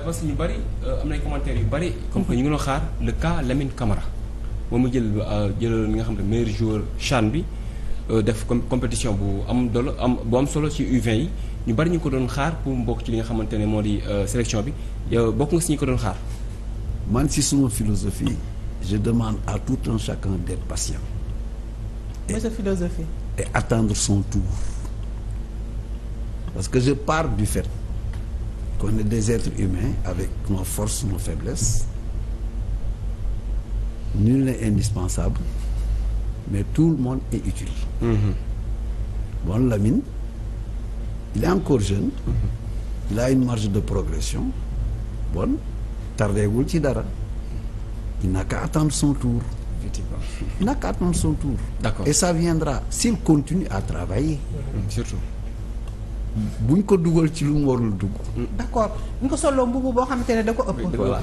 parce que ñu bari euh, yu bari. comme que ñu ngi doon xaar le cas Lamine Camara moom mu jël euh, jëlal nga xam ne meilleur joueur CHAN bi euh, def compétition bu am dolo am bu solo ci u ñu bari ñu ko doon xaar pour mu bokk ci li nga xamante ne moo di sélection bi yow bokk nga si ñu ko doon xaar. man si suma philosophie je demande à tout un chacun d'être patient. et sa philosophie. et attendre son tour parce que je pars du fait. qu'on est des êtres humains avec nos forces, nos faiblesses. Nul n'est indispensable, mais tout le monde est utile. Mmh. Bon, Lamine, il est encore jeune, mmh. il a une marge de progression. Bon, tardeegul ci dara. Il n'a qu'à attendre son tour. Il n'a qu'à attendre son tour. D'accord. Et ça viendra s'il continue à travailler. Mmh. buñ ko dugal ci lu mu warul dugg. d'accord buñ ko solo mbubu boo xamante ne da ko ëpp. voilà